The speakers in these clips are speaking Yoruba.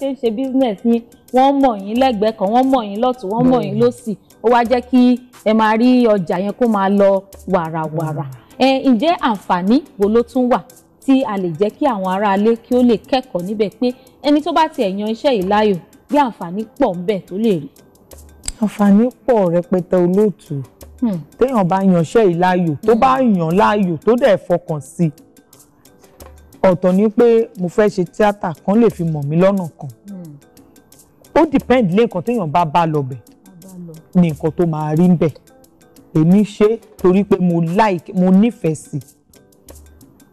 ṣe ń ṣe business yín wọ́n mọ̀ yín lẹ́gbẹ̀ẹ́ kan wọ́n mọ̀ yín lọ́tún wọ́n mọ̀ yín lọ́sì ó wá jẹ́ kí ẹ máa rí ọjà yẹn kó máa lọ wàràwàrà ẹ ǹjẹ́ àǹfààní wo ló tún wà tí a lè jẹ́ kí àwọn aráalé kí ó lè kẹ́kọ̀ọ́ níbẹ̀ pé ẹni tó bá ti ẹ̀yàn iṣẹ́ yìí láàyò bí àǹfààní pọ̀ ń bẹ tó lè rí. àǹfààní pọ̀ rẹpẹtẹ olóòtú hmm. téèyàn bá yan iṣẹ́ yìí láàyò tó hmm. bá yàn láàyò tó dẹ̀ fọkàn sí i ọ̀tọ̀ ni pé mo fẹ́ ṣe tíátà kan lè fi mọ̀ mí lọ́nà kan hmm. ó depend lé nǹkan téèyàn bá bá lọ bẹ̀ ni nǹkan tó máa rí bẹ̀ èmi ṣe torí pé mo like mo nífẹ̀ẹ́ sí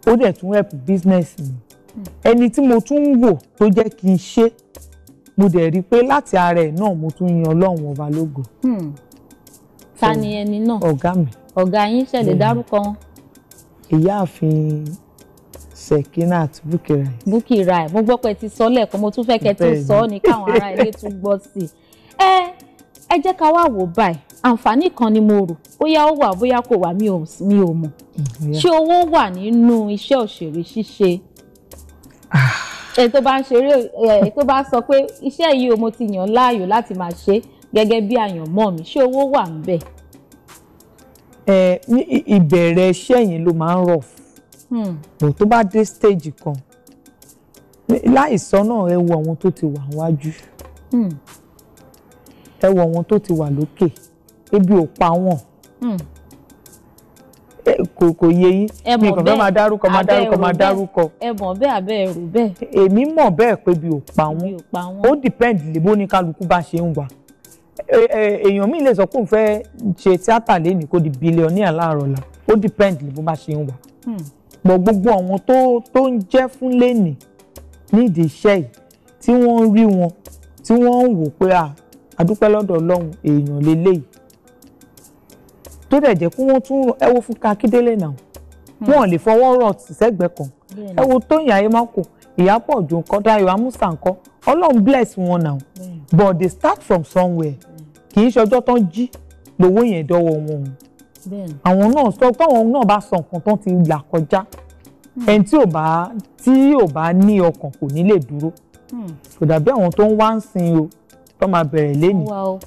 ó dẹ̀ tún help business mi hmm. ẹni tí mo tún ń wò tó jẹ́ kí n ṣe mo dẹ̀ rí i pé láti ara ẹ̀ náà mo tún yan ọlọ́run ọba lógo. Hmm. ta ni ẹni náà ọ̀gá mi. ọ̀gá yín ṣẹ̀lẹ̀ dárúkọ wọn. ìyáàfin Sekinat Bukirai. Bukirai mo gbọ́ pé ti sọ lẹ́ẹ̀kan mo tún fẹ́ kẹ́ tó sọ ọ́ ní káwọn ará ilé tún gbọ́ sí i. ẹ ẹ jẹ́ ká wá wò báyìí àǹfààní kan ni mo rò bóyá ó wà bóyá kò wà mi ò mọ̀ ṣé owó wà nínú iṣẹ́ òṣèré ṣíṣe ah. ẹ tó bá ń ṣeré ẹ tó bá sọ pé iṣẹ́ yìí o mo ti yàn láàyò láti máa ṣe gẹ́gẹ́ bí àyànmọ́ mi ṣé owó wà ń bẹ̀. ẹ ní ìbẹ̀rẹ̀ iṣẹ́ yẹn ló máa ń rọ̀ fún Hmm. bò tó bá dé stage kan láìsọ náà ẹ wo àwọn tó ti wà wájú hmm. ẹ wo àwọn tó ti wà lókè ebi ò pa wọn hmm. kò kò yé yín mi kàn fẹ́ máa dárúkọ máa dárúkọ máa dárúkọ. ẹ mọ̀ bẹ́ẹ̀ abẹ́ ẹ̀rù bẹ́ẹ̀. èmi mọ̀ bẹ́ẹ̀ pé bí ò pa wọ́n ó depend lè bó ní kálukú bá ṣe ń wà. èèyàn mi lè sọ pé òun fẹ́ ṣe tíátà lẹ́nìí kó di bílíọ̀nìà láàárọ̀ la ó depend lè bá ṣe ń wà pọ̀ gbogbo àwọn tó tó ń jẹ́ fún lẹ́nì nídìí iṣẹ́ yìí tí wọ́n ń rí wọn tí wọ́n ń wò pé àdúpẹ́ lọ́dọ̀ ọlọ́run èèyàn lélẹ́yìí tó dẹ̀ jẹ́ kí wọ́n tún ẹ wo Fúnkẹ́ Akíndélé náà hmm. wọn lè fọwọ́ rọ̀ sẹ́gbẹ̀ẹ́ kan ẹ wo Tóyìn Ayémákò Ìyábọ̀ Òjó ńkọ́ Amúsà ńkọ́ ọlọ́run bless wọn náà but they start from somewhere hmm. kì í ṣọjọ́ tán jí lówó yẹn dọ́wọ́ wọn àwọn náà sọ pé àwọn náà bá sọ nǹkan tó ti là kọjá hmm. ẹni tí ò bá tí ò bá ní ọkàn kò ní lè dúró hmm. kò dàbí àwọn tó ń wá ń sin o tó máa bẹ̀rẹ̀ lẹ́nu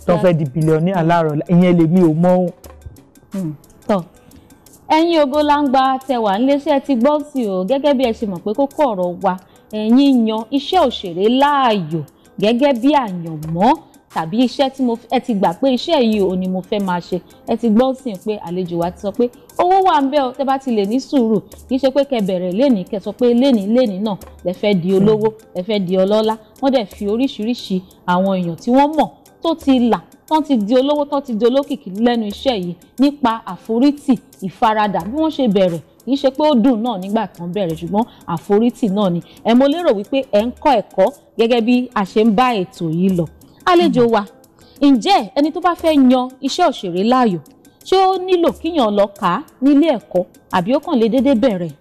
tó fẹ́ di bílíọ̀nì aláàrọ̀ ìyẹn lèmi ò mọ̀ ọ́n. Hmm. tọ́ ẹ̀yin ògo langba tẹwà níléeṣẹ́ ti gbọ́ sí o gẹ́gẹ́ bí ẹ ṣe mọ̀ pé kókó ọ̀rọ̀ wa ẹ̀yin yan iṣẹ́ òṣèré láàyò gẹ́gẹ́ bí àyànmọ́ tàbí iṣẹ́ tí mo ẹ ti gbà pé iṣẹ́ yìí ò ní mo fẹ́ máa ṣe ẹ ti gbọ́ sí pé àlejò wa ti sọ pé owó wà ń bẹ́ ọ tẹ́ bá ti lè ní sùúrù kì í ṣe pé kẹ́ bẹ̀rẹ̀ lénìí kẹ́ sọ pé lénìí lénìí náà lẹ fẹ́ di olówó lẹ fẹ́ di ọlọ́lá wọ́n dẹ̀ fi oríṣiríṣi àwọn èèyàn tí wọ́n mọ̀ tó ti là tán ti di olówó tán ti di olókìkí lẹ́nu iṣẹ́ yìí nípa àforítì ìfaradà bí wọ́n ṣe bẹ̀rẹ̀ kì í ṣe pé ó dùn náà nígbà kan bẹ̀rẹ̀ ṣùgbọ́n àforítì náà ni ẹ mo lérò wípé ẹ ń kọ́ ẹ̀kọ́ gẹ́gẹ́ bí a ṣe ń bá ètò yìí lọ àlejò wa ǹjẹ́ ẹni tó bá fẹ́ yan iṣẹ́ òṣèré láàyò ṣé ó nílò kíyàn lọ kà á nílé ẹ̀kọ́ àbí ó kàn lè déédéé bẹ̀rẹ̀.